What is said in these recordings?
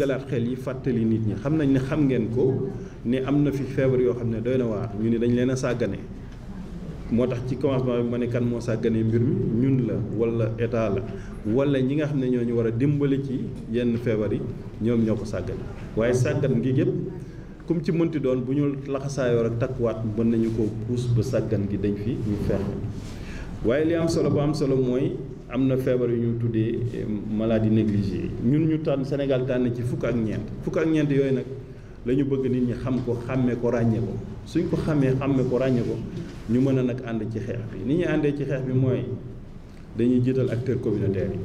yëngalaat xel yi fàttali nit ñi xam nañ ne xam ngeen ko ne am na fi feebar yoo xam ne doy na waar ñu ni dañ leen a sàggane moo tax ci commencement bi ma ne kan moo sàgganee mbir mi ñun la wala état la wala ñi nga xam ne ñoo ñu war a dimbali ci yenn feebar yi ñoom ñoo ko sàggane waaye sàggan gi yëpp comme ci mënti doon bu ñu laxasaayoo rek takkuwaat mën nañu ko puus ba sàggan gi dañ fi ñu fexe waaye li am solo ba am solo mooy. am na feebar yu ñu tuddee eh, maladie négligée ñun ñu tànn Sénégal tànn ci fukk ak ñeent fukk ak ñeent yooyu nag la ñu bëgg nit ñi xam ko xàmmee ko ràññee ko suñ ko xàmmee xàmmee ko ràññee ko ñu mën a nag ànd ci xeex bi ni ñuy àndee ci xeex bi mooy dañuy jiital acteur communautaire yi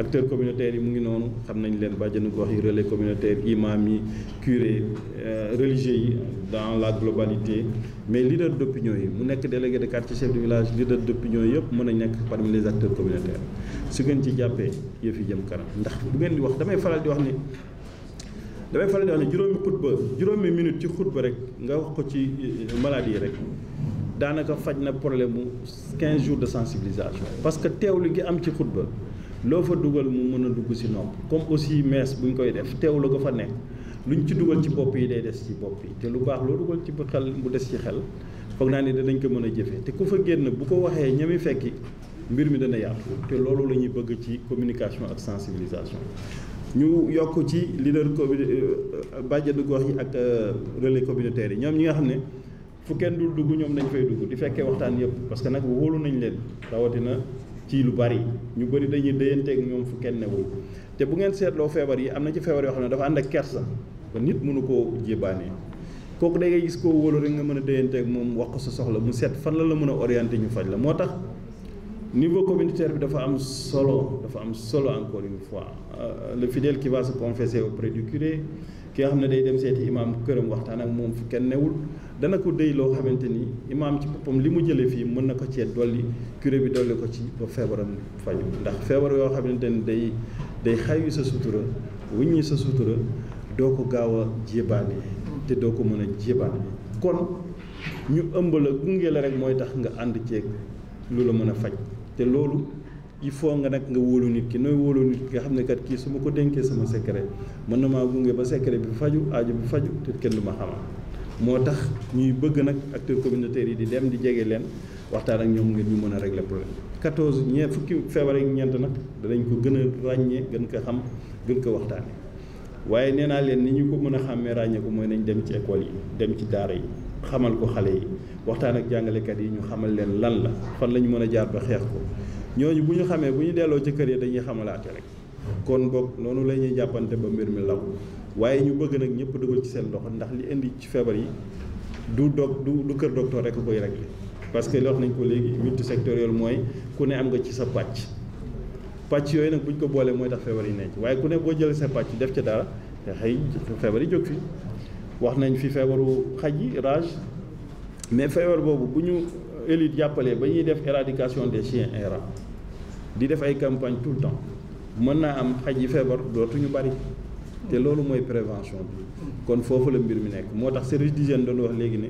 acteurs communautaires yi mu ngi noonu xam nañ leen bàjjenu gox yi relais communautaire imam yi curé euh, religieux yi dans la globalité mais leader d'opinion yi mu nekk de délégué de quartier chef de village leader d'opinion yëpp mën a nekk parmi les acteurs communautaires su ngeen ci jàppee yëf yi jëm kanam ndax bu ngeen di wax damay faral di wax ni damay faral di wax ni juróomi xutba juróomi minute ci xutba rek nga wax ko ci euh, maladie rek daanaka faj na problème mu 15 jours de sensibilisation parce que teewlu gi am ci xutba loo fa dugal mu mën a dugg si nopp comme aussi mees bu ñu koy def teew la ko fa nekk luñ ci dugal ci bopp yi day des ci bopp yi te lu baax loo dugal ci xel bu des ci xel foog naa ni danañ ko mën a jëfee te ku fa génn bu ko waxee ñami fekki mbir mi dana yaatu te loolu la ñuy bëgg ci communication ak sensibilisation ñu yokk ci leader commun euh, bàjjenu gox yi ak euh, relais communautaire yi ñoom ñi nga xam ne fu kenn dul dugg ñoom dañ fay dugg di fekkee waxtaan yëpp parce que nag wóolu nañ leen rawatina. ci lu bari ñu bari dañuy déyanteeg ñoom fu kenn newul te bu ngeen seetloo feebar yi am na ci feebar yoo xam ne dafa ànd ak kersa ba nit mënu koo jébaane kooku da ngay gis koo wóolu rek nga mën a déyanteeg moom wax ko sa soxla mu seet fan la la mën a orienté ñu faj la moo tax niveau communautaire bi dafa am solo dafa am solo encore une fois euh, le fidèle qui va se confesser auprès du curé ki xam ne day dem seeti imaam këram waxtaan ak moom fu kenn newul dana ko déy loo xamante ni imaam ci boppam li mu jëlee fii mën na ko cee dolli curé bi dolli ko ci ba feebaram faju ndax feebar yoo xamante ni day day xayu sa sutura wuññi sa sutura doo ko gaaw a jébaane te doo ko mën a jébaane kon ñu ëmb la gunge la rek mooy tax nga ànd ceeg lu la mën a faj te loolu il faut nga nag nga wóolu nit ki nooy wóolu nit ki nga xam ne kat kii su ma ko denkee sama secret mën na maa gunge ba secret bi faju aajo bi faju te kenn du ma xamal moo tax ñuy bëgg nag acteurs communautaires yi di dem di jege leen waxtaan ak ñoom ngir ñu mën a régler problème 14 ñee fukki feebar ak ñeent nag danañ ko gën a ràññee gën ko xam gën ko waxtaane waaye nee naa leen ni ñu ko mën a xàmmee ràññee ko mooy nañ dem ci école yi dem ci daara yi xamal ko xale yi waxtaan ak jàngalekat yi ñu xamal leen lan la fan la ñu mën a jaar xeex ko ñooñu bu ñu xamee bu ñu delloo ci kër yi dañuy xamalaate rek kon boog noonu la ñuy jàppante ba mbir mi law waaye ñu bëgg nag ñëpp dugal ci seen loxo ndax li indi ci feebar yi du dog du du kër docteur rek koy réglé parce que wax nañ ko léegi multisectoriel mooy ku ne am nga ci sa pàcc pàcc yooyu nag bu ñu ko boolee mooy tax feebar yi nekk waaye ku ne boo jëlee sa pàcc def ca dara xëy feebar yi jóg fi wax nañ fi feebaru xaj yi rage feebar boobu bu élite jàppale ba ñuy def éradication des chiens errants di def ay campagne tout le temps mën naa am xaj yi feebar dootuñu bari te loolu mooy prévention bi kon foofu la mbir mi nekk moo tax service d'hygiène doon wax léegi ne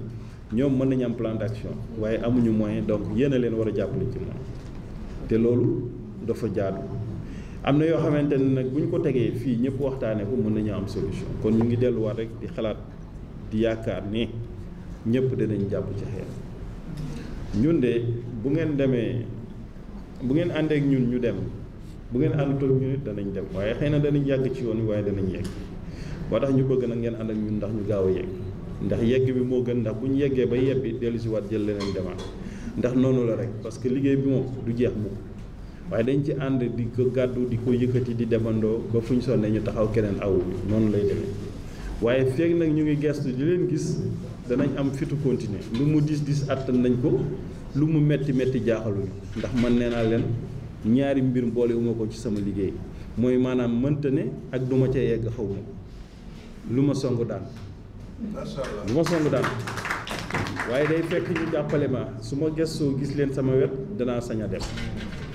ñoom mën nañu am plan d'action waaye amuñu moyen donc yéen a leen war a jàppale ci moom te loolu dafa jaadu am na yoo xamante ne nag bu ñu ko tegee fii ñëpp waxtaanee ko mën nañu am solution kon ñu ngi dellu delluwaat rek di xalaat di yaakaar ne ñëpp danañ jàpp ci xeer ñun de bu ngeen demee bu ngeen àndeek ñun ñu dem bu ngeen àndutoog ñu nit danañ dem waaye xëy na danañ yàgg ci yoon wi waaye danañ yegg moo tax ñu bëgg nag ngeen ànd ñun ndax ñu gaaw a yegg ndax yegg bi moo gën ndax bu ñu yeggee ba yebbi dellu si waat jël leneen demaat ndax noonu la rek parce que liggéey bi moom du jeex mukk waaye dañ ci ànd di ko gàddu di ko yëkkati di demandoo ba fu ñu sonnee ñu taxaw keneen aw bi noonu lay demee waaye feeg nag gis danañ am fitu continuer lu mu dis dis àttan nañ ko lu mu metti metti jaaxaluñu ndax man nee naa leen ñaari mbir boolewuma ko ci sama liggéey mooy maanaam mënta ne ak du ma ca yegg xaw ma lu ma song daan lu ma song daan waaye day fekk ñu jàppale ma su ma gëstoo gis leen sama wet danaa sañ a def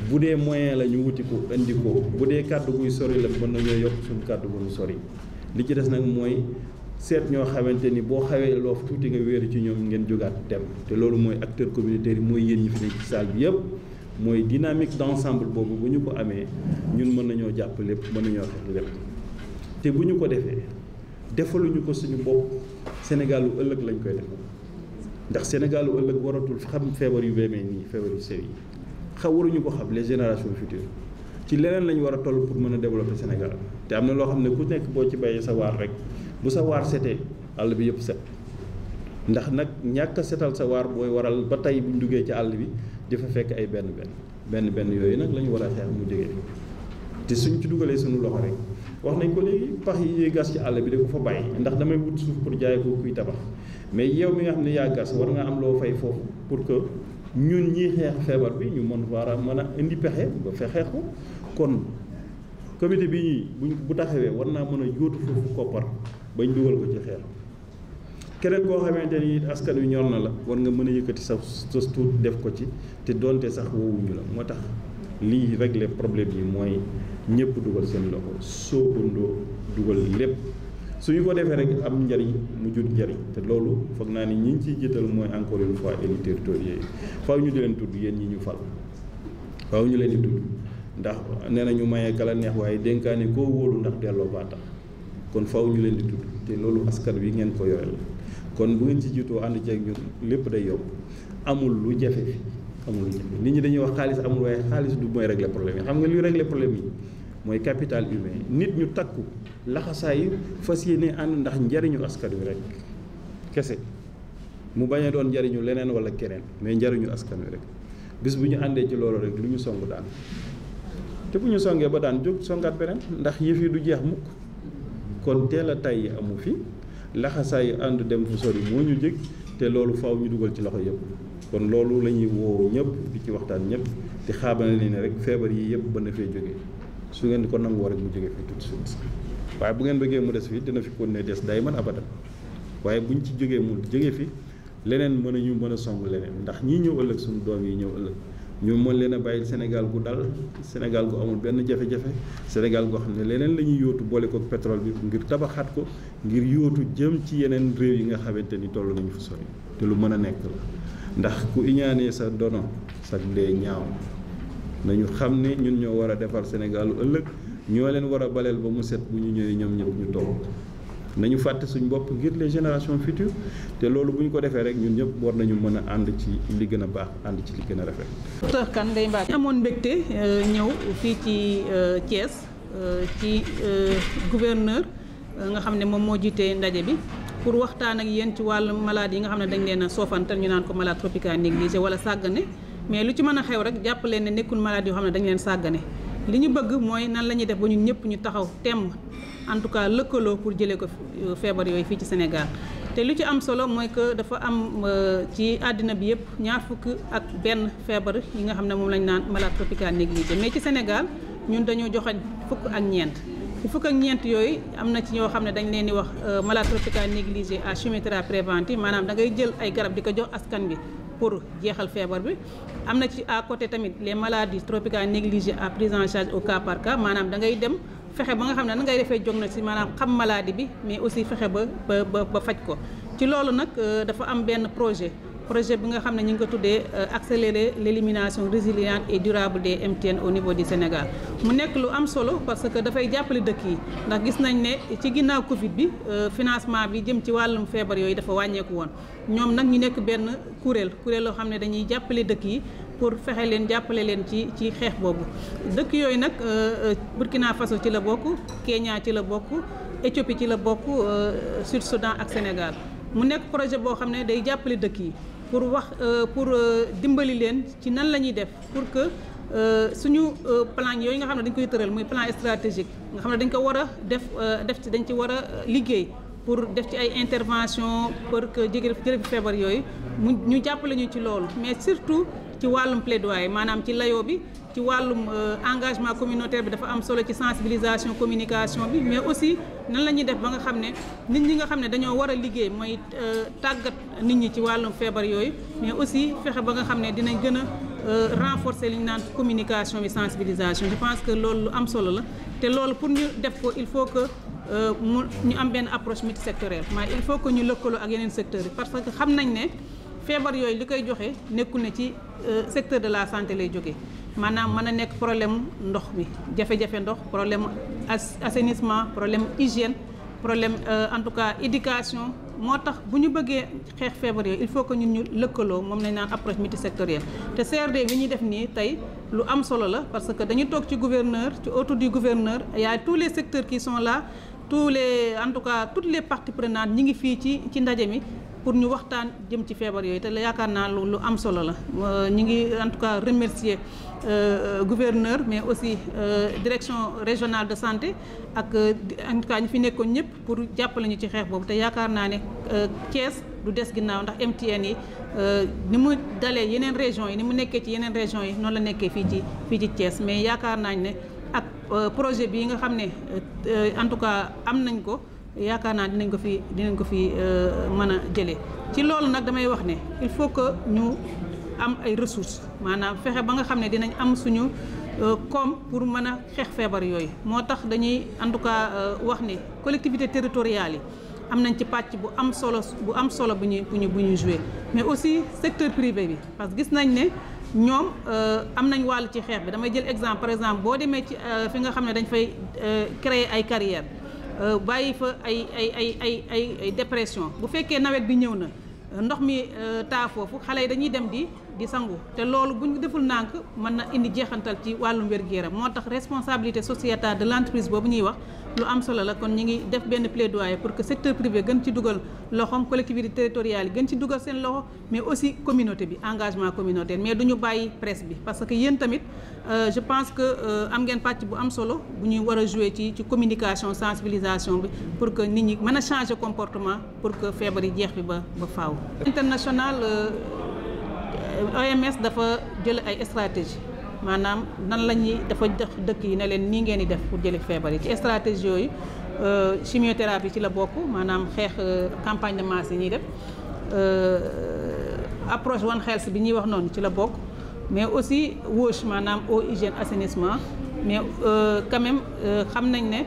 bu dee moyen la ñu wuti ko indi ko bu dee kàddu guy sori la mën nañoo yokk suñu kàddu gu ñu sori li ci des nag mooy seet ñoo xamante ni boo xawee loof tuuti nga wéeru ci ñoom ngeen jógaat dem te loolu mooy acteur communautaire yi mooy yéen ñi fi nekk ci salle bi yëpp mooy dynamique d' ensemble boobu bu ñu ko amee ñun mën nañoo jàpp lépp mën nañoo xeex lépp te bu ñu ko defee defaluñu ko suñu bopp Sénégalu ëllëg lañ koy defal ndax Sénégalu ëllëg waratul xam feebar yu demee nii feebar yu sew yi xaw waruñu ko xam les générations futures ci leneen lañu war a toll pour mën a développer Sénégal te am na loo xam ne ku nekk boo ci bàyyee sa waar rek. bu sa waar setee àll bi yëpp set ndax nag ñàkk setal sa waar booy waral ba tey buñ duggee ci àll bi di fa fekk ay benn benn benn benn yooyu nag la war a xeex mu jógee te suñ ci dugalee suñu loxo rek wax nañ ko léegi pax yi ñuy gas ci àll bi da ko fa bàyyi ndax damay wut suuf pour jaay ko kuy tabax mais yow mi nga xam ne yaa gas war nga am loo fay foofu pour que ñun ñiy xeex feebar bi ñu mën war a mën a indi pexe ba fexeex ko kon comité bi ñii bu bu taxawee war naa mën a yóotu foofu koppar bañ dugal ko ci xeer keneen koo xamante yi askan wi ñor na la war nga mën a yëkkati sa sa def ko ci te doonte sax woowuñu la moo tax lii régler problème yi mooy ñëpp dugal seen loxo soo bundoo dugal lépp suñu ko defee rek am njariñ mu jur njariñ te loolu foog naa ni ñi ñu ciy jiital mooy encore une fois élus territoriaux yi faaw ñu di leen tudd yéen ñi ñu fal faaw ñu leen di tudd ndax nee ñu maye kala neex waaye dénkaane koo wóolu ndax delloo baa tax kon faw ñu leen di tudd te loolu askan wi ngeen ko yore la kon bu ngeen ci jiitoo ànd ceeg lépp day yomb amul lu jafe amul lu jafe nit ñi dañuy wax xaalis amul waaye xaalis du mooy régler problème yi xam nga luy régler problème yi mooy capital humain nit ñu takku laxasaay fas yéene ànd ndax njariñu askan wi rek kese mu bañ a doon njariñu leneen wala keneen mais njariñu askan wi rek bis bu ñu àndee ci loolu rek lu ñu song daan te bu ñu songee ba daan jóg songaat beneen ndax yëf yi du jeex mukk kon teel a tàyyi amu fi laxasaay ànd dem fu sori moo ñu jëkk te loolu faaw ñu dugal ci loxo yëpp kon loolu la ñuy woo ñëpp di ci waxtaan ñëpp di xaabale leen rek feebar yi yëpp ba na fee jógee su ngeen di ko nangoo rek mu jógee fii tout de waaye bu ngeen bëggee mu des fii dina fi kon ne des day mën abadan waaye buñ ci jógee mu jógee fi leneen mën nañu ñu mën a song leneen ndax ñii ñëw ëllëg suñu doom yi ñëw ëllëg ñu mën leen a bàyyi Sénégal gu dal Sénégal gu amul benn jafe-jafe Sénégal goo xam ne leneen la ñuy yóotu boole ko pétrole bi ngir tabaxaat ko ngir yóotu jëm ci yeneen réew yi nga xamante ni toll nañu fa sori te lu mën a nekk la ndax ku iñaanee sa dono sa dee ñaaw nañu xam ne ñun ñoo war a defar Sénégal ëllëg ñoo leen war a baleel ba mu set bu ñu ñëwee ñoom ñëpp ñu toog nañu fàtte suñu bopp ngir les génération futures te loolu bu ñu ko defee rek ñu ñëpp war nañu mën a ànd ci li gën a baax ànd ci li gën a rafet. docteur Kane Gaye Mbacke amoon mbégte euh, ñëw fii ci cees euh, euh, ci gouverneur nga xam ne moom moo jiitee ndaje bi pour waxtaan ak yéen ci wàllu malade yi nga xam ne dañ leen a soofantal ñu naan ko malade tropicale négligé wala sàggane mais lu ci mën a xew rek jàppaleen ne nekkul malade yoo xam ne dañ leen sàggane li ñu bëgg mooy nan la ñuy def ba ñun ñëpp ñu taxaw temm en tout cas lëkkaloo pour jëlee ko euh, feebar yooyu fii ci senegal te lu ci am solo mooy que dafa am euh, ci àddina bi yëpp ñaar fukk ak benn feebar yi nga xam ne moom lañ naan malade tropical négligé mais ci senegal ñun dañoo joxañ fukk ak ñeent ci fukk ak ñeent yooyu am na ci ñoo xam ne dañ leen di wax euh, malade tropical négligé à chimiothérapie préventive maanaam da ngay jël ay garab di ko jox askan bi pour jeexal feebar bi am na ci à côté tamit les maladie tropicales négligées à prise en charge au cas par cas maanaam da ngay dem fexe ba nga xam ne na ngay defee jóg na ci maanaam xam maladie bi mais aussi fexe ba ba ba faj ko ci loolu nag euh, dafa am benn projet projet bi nga xam ne ñu ngi ko tuddee euh, accélérer l' élimination résiliente et durable de MTN au niveau de Sénégal mu nekk lu am solo parce que dafay jàppale dëkk yi ndax gis nañ ne ci ginnaaw Covid bi euh, financement bi jëm ci wàllum feebar yooyu dafa wàññeeku woon ñoom nag ñu nekk benn kuréel kuréel loo xam ne dañuy jàppale dëkk yi pour fexe leen jàppale leen ci ci xeex boobu dëkk yooyu nag euh, Burkina Faso ci la bokk Kenya ci la bokk Éthiopie ci la bokk Sud Soudan ak Sénégal mu nekk projet boo xam ne day jàppale dëkk yi pour wax euh, pour euh, dimbali leen ci nan la ñuy def pour que euh, suñu plan yooyu nga xam ne dañ koy tëral muy plan stratégique nga xam ne dañ ko war a def def ci dañ ci war a liggéey pour def ci ay intervention pour que jéggi jërë feebar yooyu mu ñu jàppale ñu ci loolu mais surtout ci wàllum plaidoyer maanaam ci layo bi ci wàllum engagement communautaire bi dafa am solo ci sensibilisation communication bi mais aussi nan la ñuy def ba nga xam ne nit ñi nga xam ne dañoo war a liggéey mooy euh, tàggat nit ñi ci wàllum feebar yooyu mais aussi fexe ba nga xam ne dinañ gën a euh, renforcer li ñu naan communication bi sensibilisation je pense que loolu lu am solo la te loolu pour ñu def ko il faut que euh, mu ñu am benn approche multisectorielle mais il faut que ñu lëkkaloo ak yeneen secteurs yi parce que xam nañ ne feebar yooyu li koy joxe nekkul ne ci secteur de la santé lay jógee maanaam mën a nekk problème ndox mi jafe-jafe ndox problème assainissement problème hygiène problème euh, en tout cas éducation moo tax bu ñu bëggee xeex feebar yooyu il faut que ñun ñu lëkkaloo moom nañ naan approche multisectorielle te CRD bi ñuy def nii tey lu am solo la parce que dañu toog ci gouverneur ci autour di gouverneur y tous les secteurs qui son la tous les en tout cas toutes les parties prenantes ñi ngi fii ci ci ndaje mi pour ñu waxtaan jëm ci feebar yooyu te la yaakaar naa lu lu am solo la euh, ñu ngi en tout cas remercier euh, gouverneur mais aussi euh, direction régionale de santé ak en tout cas ñu fi nekkoon ñëpp pour jàppale ñu ci xeex boobu te yaakaar naa ne cees du des ginnaaw ndax MTN yi ni mu dalee yeneen région yi ni mu nekkee ci yeneen région yi noonu la nekkee fii ci fii ci Thiès mais yaakaar naa ne ak projet bii nga xam ne en tout cas am nañ ko yaakaar naa dinañ ko fi dinañ ko fi euh, mën a jëlee ci loolu nag damay wax ne il faut que ñu am ay ressources maanaam fexe ba nga xam ne dinañ am suñu euh, koom pour mën a xeex feebar yooyu moo tax dañuy en tout cas euh, wax ni collectivité territoriale yi am nañ ci pàcc bu am solo bu am solo bu ñuy bu ñu bu ñuy joué mais aussi secteur privé bi parce que gis nañ ne ñoom am nañ wàll ci xeex bi damay jël exemple par exemple boo demee ci fi nga xam ne dañ fay créer ay carrières Euh, bàyyi fa ay ay ay ay ay ay dépression bu fekkee nawet bi ñëw na ndox mi euh, taa foofu xale yi dañuy dem di di sangu te loolu bu ñu deful nànk mën na indi jeexantal ci wàllum wér-gu-yaram moo tax responsabilité sociétale de l'entreprise boobu ñuy wax lu am solo la kon ñu ngi def benn plaidoyer pour que secteur privé gën ci dugal loxoom collectivité territoriale yi gën ci dugal seen loxo mais aussi communauté bi engagement communautaire mais du ñu bàyyi presse bi parce que yéen tamit euh, je pense que euh, am ngeen pàcc bu am solo bu ñuy war a jouer ci ci communication sensibilisation bi pour que nit ñi mën a comportement pour que feebar yi jeex bi ba ba faaw OMS euh, dafa jël ay stratégie maanaam nan la ñuy dafa dëkk dëkk yi ne leen nii ngeen di def pour jëli feebar yi ci stratégie yooyu euh, chimiothérapie ci la bokk maanaam xeex euh, campagne de masse yi ñuy def approche wan Health bi ñuy wax noonu ci la bokk mais aussi WOSH maanaam eau hygiène assainissement mais quand même xam nañ ne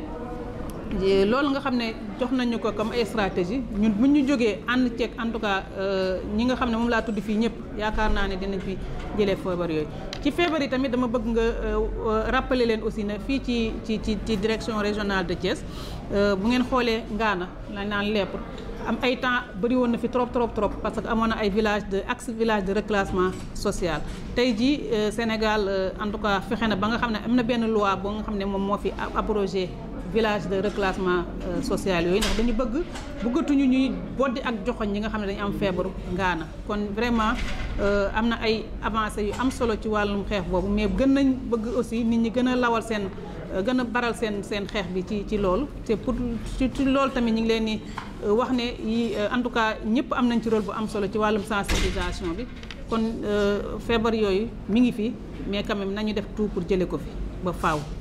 loolu nga xam ne jox nañu ko comme ay stratégie ñun bu ñu jógee ànd ceeg en tout cas euh, ñi nga xam ne moom laa tudd fii ñëpp yaakaar naa ne dinañ fi jëlee feebar yooyu. ci feebar yi tamit dama bëgg nga euh, euh, rappeler leen aussi ne fii ci ci ci ci direction régionale de Thiès bu ngeen xoolee Ngaana la naan lepp am ay temps bëri woon na fi trop trop trop parce que amoon na ay village de axe village de reclassement sociale tey jii Sénégal en tout cas fexe na ba nga xam ne am na benn loi boo nga xam ne moom moo fi abrogé village de reclassement euh, social yooyu ndax dañu bëgg bëggatuñu ñuy boddi ak joxoñ ñi nga xam ne dañu am feebaru ngaana kon vraiment euh, am na ay avancées yu am solo ci wàllum xeex boobu mais gën nañ bëgg aussi nit ñi gën a lawal seen euh, gën a baral seen seen xeex bi ci ci loolu te pour ci loolu tamit ñu ngi leen di wax ne yi en tout cas ñëpp am nañ ci rôle bu am solo ci wàllum sensibilisation bi kon feebar yooyu mi ngi fi mais quand même nañu def tout pour jëlee ko fi ba faaw.